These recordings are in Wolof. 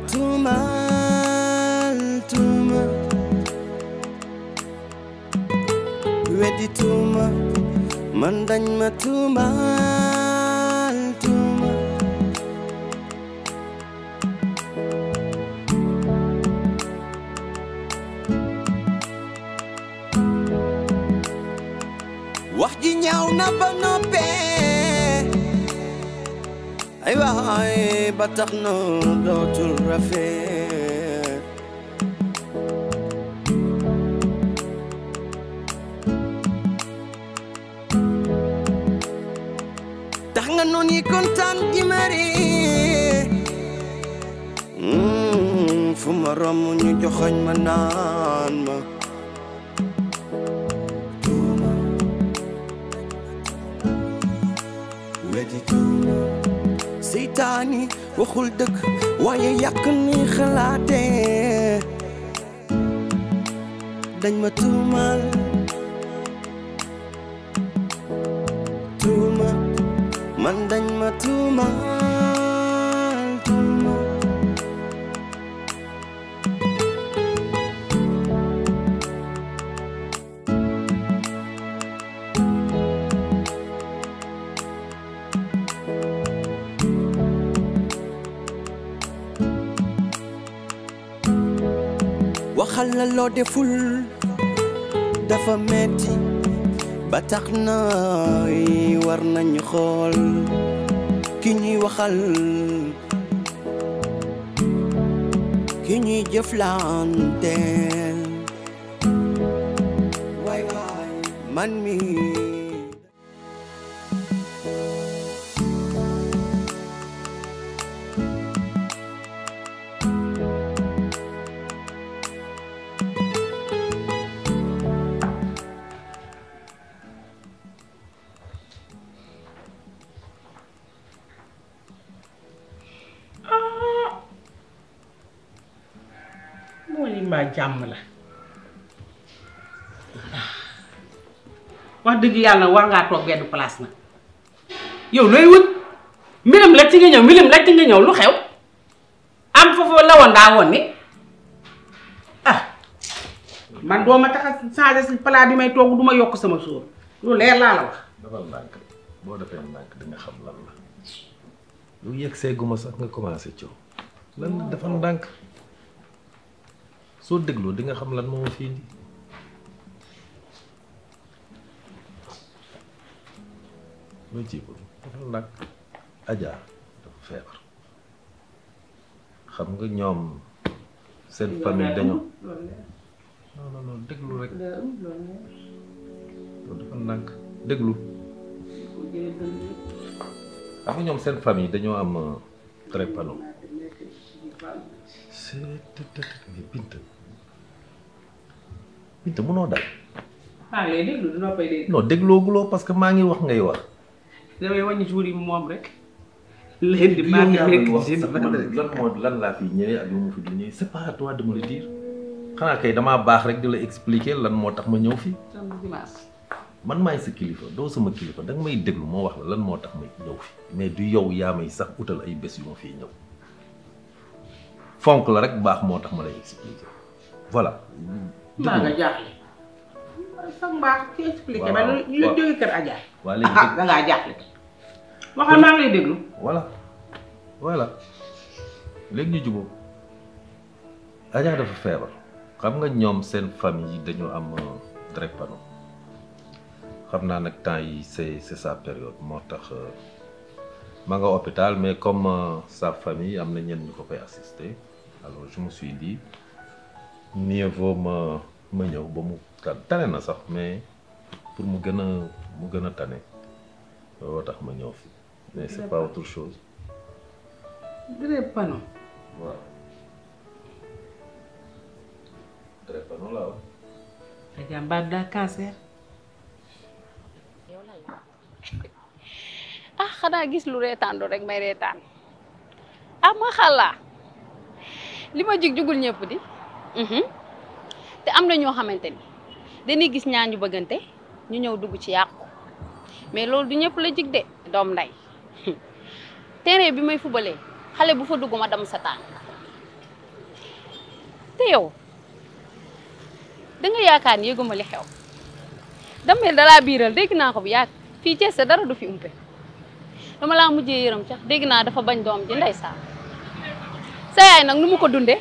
Tuma, tuma, tuma Ready tuma Man dañ tuma tuumaal tuuma wax ji na banope ay waay ba tax na dootul rafet tax nga noon yi kontaan gi mari fu ma romb wedi seytaani waxul dëgg waaye yàq ni xalaate dañ ma tuumal tuuma man dañ ma tuumal waxal la loo deful dafa metti ba tax na war nañu xool ki ñuy waxal ki ñuy jëflanteel waay waay man mi Touba jàmm la wax dëgg yàlla war ngaa toog benn place na yow looy wut mbiram la ci nga ñëw mbiram la ci nga ñëw lu xew am foofu la woon daa woon ni ah, man doo tax a si palaas bi may toog duma yokk sama suur lu leer laa la wax. defal ndànk boo defee ndànk di nga xam lan la lu yegg seeguma sax nga commencé coow lan la defal ndànk. soo déglu di nga xam lan moo ma fi indi looy ci bu nag Adja dafa feebar xam nga ñoom seen famille dañoo non non non déglu rek nag déglu nga ñoom seen famille dañoo am euh, Binta mënoo dal. maa ah, ngi lay parce que maa ngi wax ngay wax. damay wàññi jour moom rek. léegi maa ngi nekk ci lan moo lan laa fi ñëwee ak lu mu fi du ñëwee c'est pas à toi de me xanaa kay damaa baax rek di la expliquer lan moo tax ma ñëw fii. man maay sa kilifa doo sama kilifa danga may déglu moo wax la lan moo tax ma ñëw fi mais du yow yaa may sax utal ay bés yu ma fii ñëw fonk la rek baax moo tax ma lay expliquer voilà. maa nga jaaxle. sax mbaax ci expliqué. waaw waaw ñu leen kër Adja. waaw léegi ah da ngaa jaaxle. waxal maa ngi lay déglu. voilà voilà léegi ñu jubóo dafa feebar. xam nga ñoom seen famille yi dañu am euh, drépano xam naa nag temps yi c'est c'est sa période moo tax euh, ma nga hôpital mais comme euh, sa famille am na ñenn ñu ko koy assister alors je me suis dit mieux ma ñew ba mu tané na sax mais pour mu gëna mu gëna tané wa tax ma ñew fi mais c'est pas autre chose. gré panneau. wa gré panneau laa wax. da jàmbaar da cancer. ah xana gis lu do rek may rétan ah ma xala lima jig jugul ñepp di. Mhm. te am na ñoo xamante ni dañuy gis ñaar bëggante ñu ñëw dugg ci yàqu mais loolu du ñëpp la jig de doom nday terrain bi may fubalee xale bu fa dugg ma dam sa tànk te yow da nga yaakaar ni yëguma li xew damel dalaa biiral dégg naa ko bu yàgg fii Cees dara du fi umpe dama laa mujjee yërëm ca dégg naa dafa bañ doom ji ndeysaan sa yaay nag nu mu ko dundee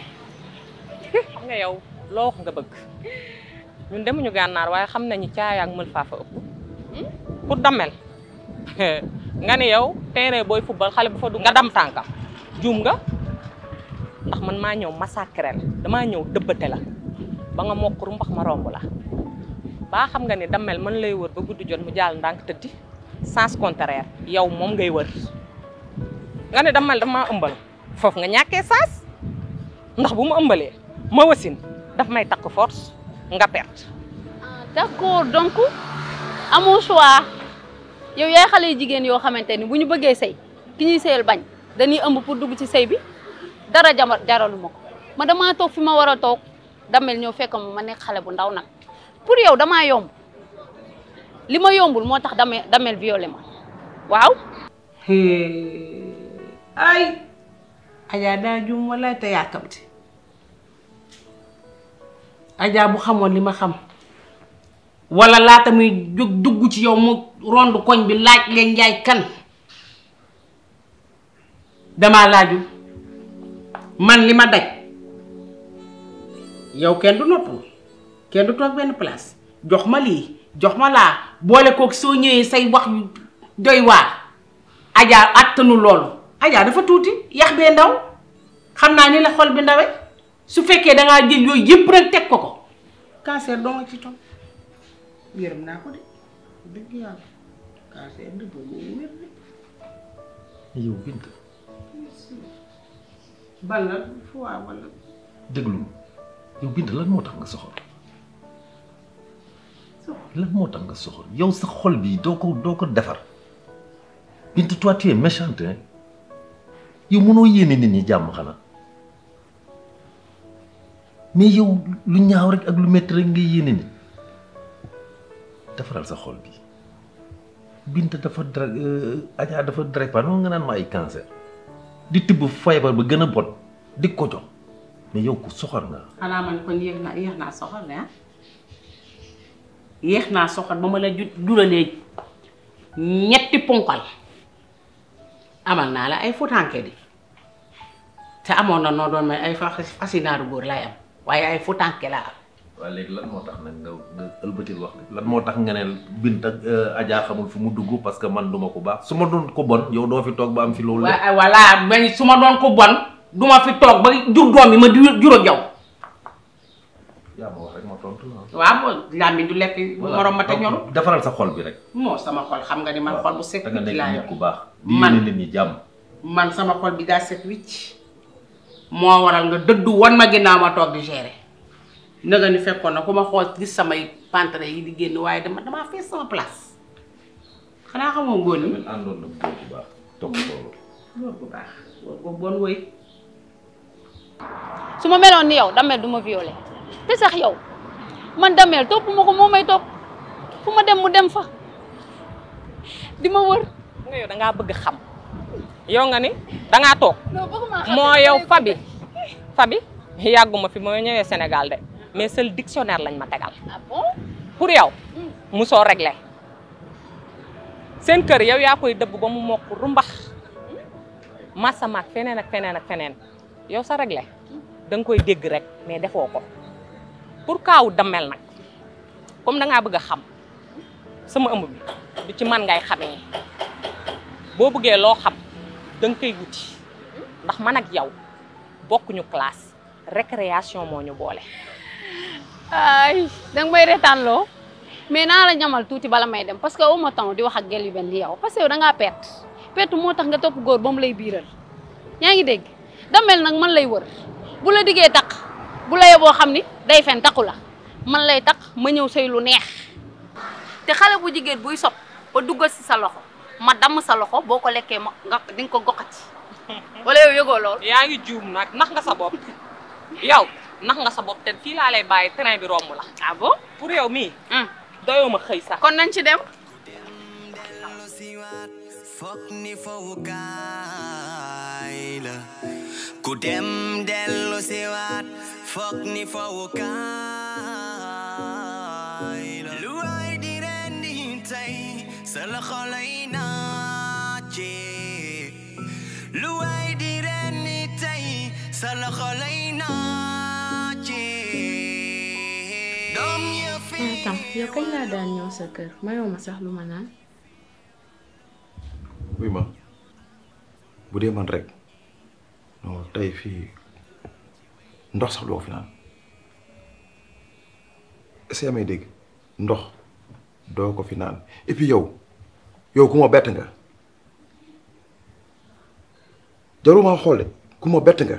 xam nga yow loox nga bëgg ñun ñu gànnaar waaye xam nañu caay ak mul faafa upp pour damel nga ne yow terrain boy football xalé bu fa du nga dam tànkam masakren, nga ndax man ma ñew baham la damel ñëw dëbbate la ba nga mokk ru mbax ma rombu la damel xam nga ni damel man lay wër ba guddu jot mu jall ndank sens contraire yow mom ngay wër nga ne damel dama ëmbal fofu nga ñaké sens ndax bu ma wasin daf may takk force nga perte. Ah, d'accord donc amoo choix yow yaay xale yu jigéen yoo xamante ni bu ñu bëggee sëy ki ñuy sëyal bañ dañuy ëmb pour dugg ci sëy bi dara jaralu ma ko ma damaa toog fi ma war a toog damel ñëw fekk ma nekk xale bu ndaw nag pour yow dama yomb li ma yombul moo tax da damel violé ma waaw. ay. Ajaa daa juum walaay te yàkkamti Adja bu xamoon li ma xam wala laata muy jóg dugg ci yow mu rond koñ bi laaj leen njaay kan damaa laaju man li ma daj yow kenn du noppul kenn du toog benn place jox ma lii jox ma laa boole kook soo ñëwee say wax yu doy waar Adja attanu loolu Adja dafa tuuti yax bee ndaw xam naa ni la xol bi ndawe su fekkee da ngaa jël yooyu yëpp rek teg ko ko cancer dong ci toog yërëm naa ko de dëgg yàlla cancer dëgg moo wér de. lan moo tax nga soxor. lan moo tax nga soxor yow sa xol bi doo ko defar Binta toi tu es yow mënoo yéene nit ñi jàmm xanaa. mais yow lu ñaaw rek ak lu métti rek ngay yéene nit defaral sa xol bi Binta dafa dra euh, Adja dafa drépano nga naan ma ay cancer di tibb feebar ba gën a bon di ko jox mais yow ku soxor nga. xanaa man kon yéex naa yéex naa soxor de ah naa soxor ba ma la juralee ñetti ponkal amal naa la ay futanke di te amoon na noo doon may ay fas asinaaru góor laay am. waye ay fu tanké la am. waaw lan motax nak nga nga wax lan motax nga né bint ak euh, Adja xamul fu mu dugg parce que man duma ko baax suma ma doon ko bon yow do fi tok ba am fi loolu. waaw wala meñ suma ma doon ko bon duma fi tok ba jur doomi ma juro jaw ya yaa ma wax rek ma tontu wa mo la mi du lekk morom ma ta ñoom. defal sa xol bi rek. mo sama xol xam nga ni man xol bu set. wicc laa yor da nga di ñu nit ñi jam man sama xol bi da set wicc. moo waral nga dëddu wan ma ginnaaw ma toog di gérer nga ni fekkoon na ku ma xool di samay pantre yi di génn waaye dama damaa fees sama place xanaa xamoo ngoon yi àndoon su ma meloon ni yow damel du ma violé te sax yow man damel topp ma ko moo may topp fu ma dem mu dem fa di ma wër nga yow dangaa bëgg xam yow nga ni dangaa toog moo yow fabi fabi yàgguma fi moo ñëwee Sénégal de mais seul dictionnaire lañ ma tegal ah pour yow hmm. mu soo réglé seen kër yow yaa koy dëbb ba mu mokk rumbax hmm. masamaak feneen ak feneen ak feneen yow sa réglé danga koy dégg rek mais defoo ko pour kaaw dammel nag comme dangaa bëgg a xam sama ëmb bi du ci man ngay xamee boo bëggee loo xam dang koy wuti ndax man ak bokku ñu classe récréation mo ñu bolé ay dang may rétallo mais na la ñamal tuuti bala may dem parce que au temps di wax ak gel yu ben yaw parce que da nga perte perte moo tax nga top goor bam lay biral yaa ngi dégg mel nak man lay wër bu la diggé tak bu la yeboo xamni day fen taqu la man lay tak ma ñew sey lu neex té xalé bu jigéen buy sop ba duggal ci sa loxo ma damm sa loxo boo ko lekkee ma nga di ko goxati wala yow yëgoo lool. yaa ngi juum nag nax nga sa bopp yow nax nga sa bopp te fii laa lay bàyyi train bi romb la. ah bon pour yow mii. Hmm. doyoo ma xëy sax. kon nañ ci dem. foog ni fowukaay la ku dem dellu siwaat foog ni fowukaay Sylwch o leina ti Lwai di renni tei la Ma Oui ma man rek Non, tey fii ndox sax doo fi naan est may dégg ndox ko fi et puis yow yow ku ma bett nga jaruma xoole ku ma bett nga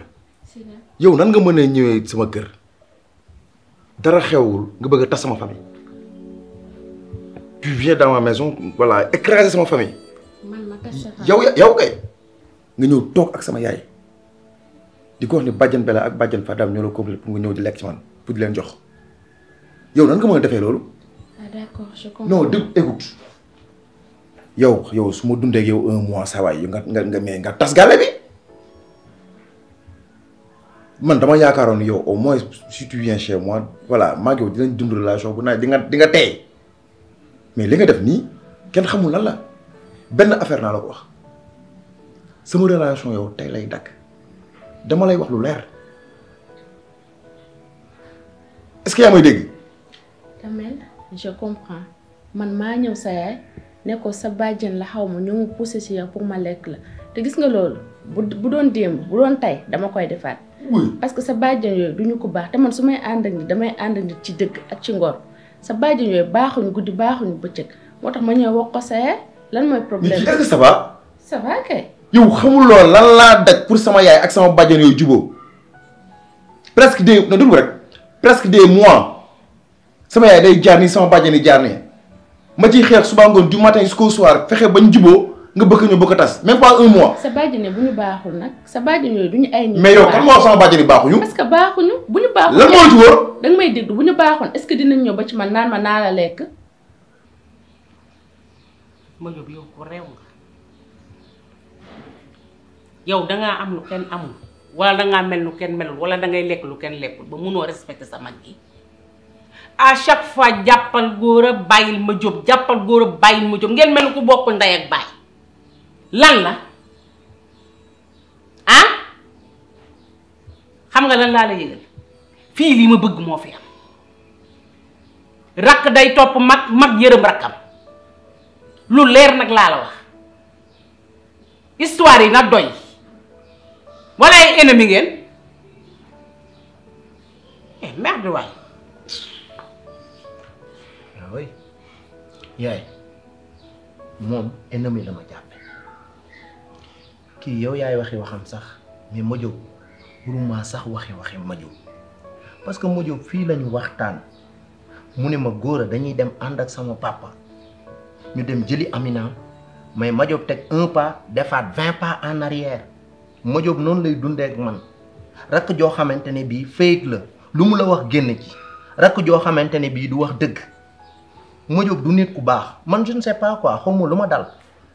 yow nan nga mën a ñëwee sama kër dara xewul nga bëgg a tas sama famille tu viens dans ma maison voilà écraser sama famille yow yow kay nga ñëw toog ak sama yaay di ko wax ni bàjjan Bella ak bàjjan Fadam ñoo la complet pour nga ñëw di lekk ci man pour di leen jox yow nan nga mën a defee loolu. ah d'accord je comprends non dégg écoute yow yow su ma dundee yow un mois saa waay nga nga nga mais nga tas gàlle bi man dama yaakaaroon yow au moins si tu viens chez moi voilà maa ngi yow dinañ dund relation bu na di nga di nga tey mais li nga def ni ken xamul lan la ben affaire na la ko wax sama relation yow tay lay dak dama lay wax lu leer est-ce que yaa may dégg. Kamel je comprends man ma ñew sa yaay. ne ko sa bàjjen la xaw ma ñu mu poussé ci yow pour ma lekk la te gis nga loolu bu bu doon démb bu doon tey dama koy defaat. parce que sa bàjjen yooyu duñu ko baax te man su may ànd ak nit damay ànd ak nit ci dëgg ak ci ngor sa bàjjen yooyu baaxuñu guddi baaxuñu bëccëg moo tax ma ñëw wax ko saye lan mooy problème bi. mais ça va. ça va kay. yow xamul loolu lan laa daj pour sama yaay ak sama bàjjen yooyu jubóo presque des na déglu rek presque des mois sama yaay day jaar nii sama bàjjen yi jaar nii ma ci xex suba ngoon du matin jusqu'au soir fexé bañ djibo nga bëgg ñu bëgg tass même pas un mois. sa bàjjane bu ñu baaxul nag sa bàjjane yooyu du ñu ay. nit mais yow kan moo wax sama bàjjane baaxuñu. parce que baaxuñu bu ñu baaxul. lan mo ci wor da nga may dégg buñu ñu est ce que dinañ ñëw ba ci man naan ma naala lek ma bi ko rew yow da nga am lu kenn amul wala da nga mel lu kenn melul wala da ngay lek lu kenn lek ba mëno respecter sa mag a chaque fois jàppal góor a bàyyil ma jóg jàppal góor a bàyyil ma jóg ngeen mel ni ku bokk ndey ak baay lan la ah xam nga lan laa la yëgal fii lii ma bëgg moo fi am rakk day topp mag mag yërëm rakkam lu leer nag laa la wax histoire yi na doy wala ay ennemi ngeen eh merde waay Oi, yaay mom ennemi la ma jàppe kii yow yaay waxi waxam sax mais ma jóg burumaa sax waxi waxi ma jóg parce que ma jóg lañu waxtaan ma góor dañuy dem ànd ak sama papa ñu dem jëli Amina mais Madiop tek un pas defaat vingt pas en arrière Madiop noonu lay dundee ak man rakk joo xamante ne bii fake la lu mu la wax ci du wax ma jóg du nit ku baax man je ne sais pas quoi xaw lu ma dal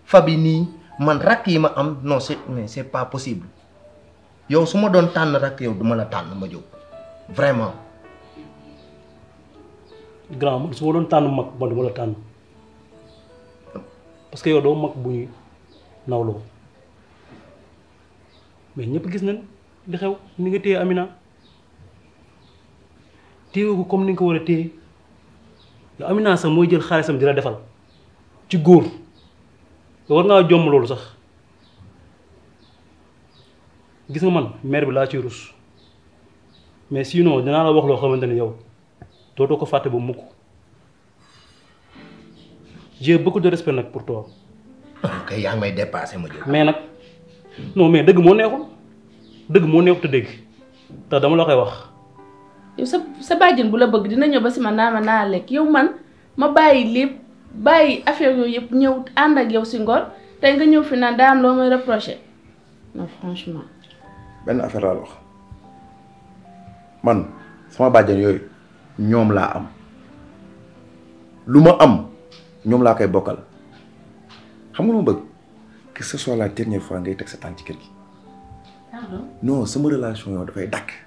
fab yi nii man rakk yi ma am non c'est mais c'est pas possible yow su ma doon tànn rakk yow duma la tànn ma jóg vraiment. grand man su ma doon tànn mag man duma la tànn parce que yow doo mag bu ñu nawloo mais ñëpp gis na li xew ni nga téye Amina téye ko comme ni nga ko war a téye. yow Amina sax mooy jël xaalisam di la defal ci góor war ngaa jomm loolu sax gis nga man mère bi laa ci rus mais sinon dinaa la wax loo xamante ne yow dootoo ko fàtte ba mukk j'ai beaucoup de respect nag pour toi. kay may dépassé ma mais nag non mais dëgg moo neexul dëgg moo neexul te dëgg te dama la koy wax. yow sa sa bu la bëgg dina ñëw ba si man naa ma naa lekk yow man ma bàyyi lépp bàyyi affaire yooyu yëpp ñëw ànd ak yow si ngor tey nga ñëw fi naan daa am loo may reproché benn affaire laa wax man sama bàjjen yooyu ñoom laa am lu ma am ñoom laa koy bokkal xam nga lu ma bëgg que ce soit la dernière fois ngay teg sa tànk ci kër gi. Ah non sama relation yow dafay dàkk.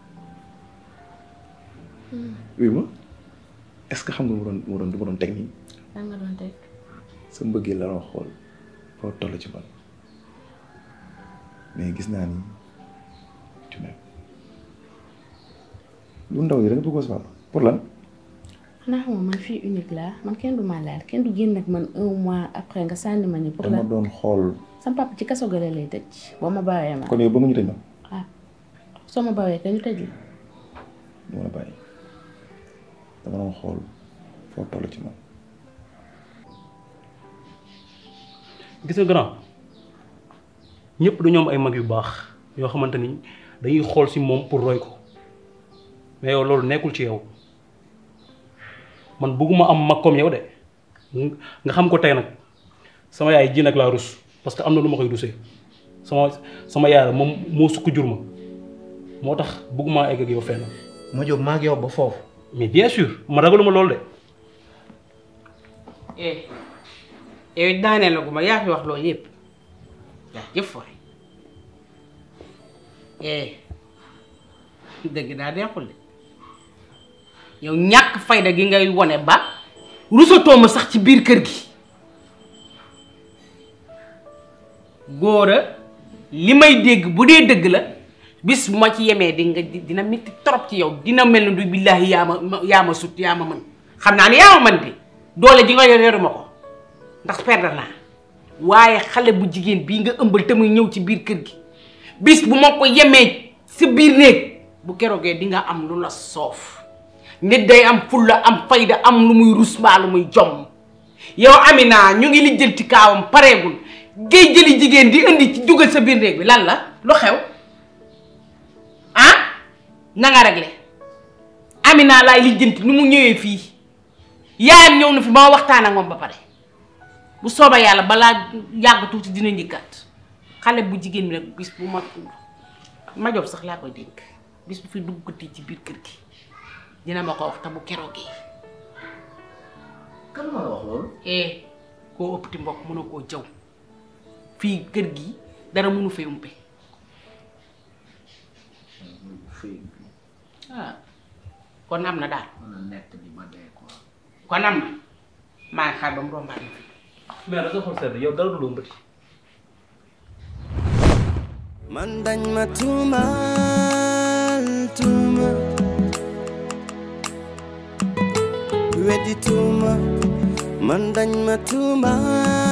Hmm. oui ma est-ce que xam nga mu doon mu doon du ma doon teg nii. lan nga doon teg. sa mbëggee la doon xool toll ci man mais gis naa ni tu m'aimes lu ndaw yi da nga bëggoon sama pour lan. xanaa xam man fii unique man kenn du ma laal kenn du génn ak man un mois après nga sànni ma ni. pour lan dama doon xool. sama papa ci kaso gële lay tëj boo ma ma. kon yow tëj ma. ah soo ma bawee kañ ñu tëj la. du bàyyi dama don xol fo toll ci mom gis nga grand ñëpp dañoo am ay mag yu bax yo xamanteni dañuy xol ci mom pour roy ko mais yow lolu nekkul ci yow man buguma am mag comme yow de nga xam ko tay nak sama yaay ji nak la rus parce que amna luma koy rusee sama sama yaay mom mo sukk jurma motax buguma egg ak yow fenn. ma jog mag yow ba fofu mais bien sûr ma ragaluma loolu de. eh yow daaneel la ko ma yaa fi wax loolu yëpp yaa jëf waay dëgg daa neexul de yow ñàkk fayda gi ngay wone ba rusatoo ma sax ci biir kër gi góora li may dégg bu dee dëgg la. bis bu ma ci yeme di nga dina metti torop ci yow dina melni du billahi ya ma ya ma sut ya ma man xamna ni ya ma man di dole ji nga ko ndax perdre na waaye xale bu jigen bi nga eumbal te muy ñew ci biir kër gi bis bu ma ko yemee si biir néeg bu ge di nga am lu la sof nit day am fulla am fayda am lu muy rus lu muy jom yow Amina ñu ngi lijjanti kawam paregul ngay jëli jigen di indi ci dugal sa biir bi lan la lu xew na nga réglé Amina laay lijjanti nu mu ñëwee fii yaayam ñëw na fi ba ma waxtaan ak moom ba pare bu soobee yàlla balaa yàgg tuuti dina njëkkaat xale bu jigéen bi nag bis bu ma ma sax laa koy dénk bis bu fi dugg duggati ci biir kër gi dina ma ko wax te bu keroogee. kan ma la wax loolu. eh koo ëpp ti mbokk mënoo koo jaw fii kër gi dara mënu fee umpe. fii ah, man dañ ma tuumaal tuuma weddi tuuma man dañ ma tuumaal.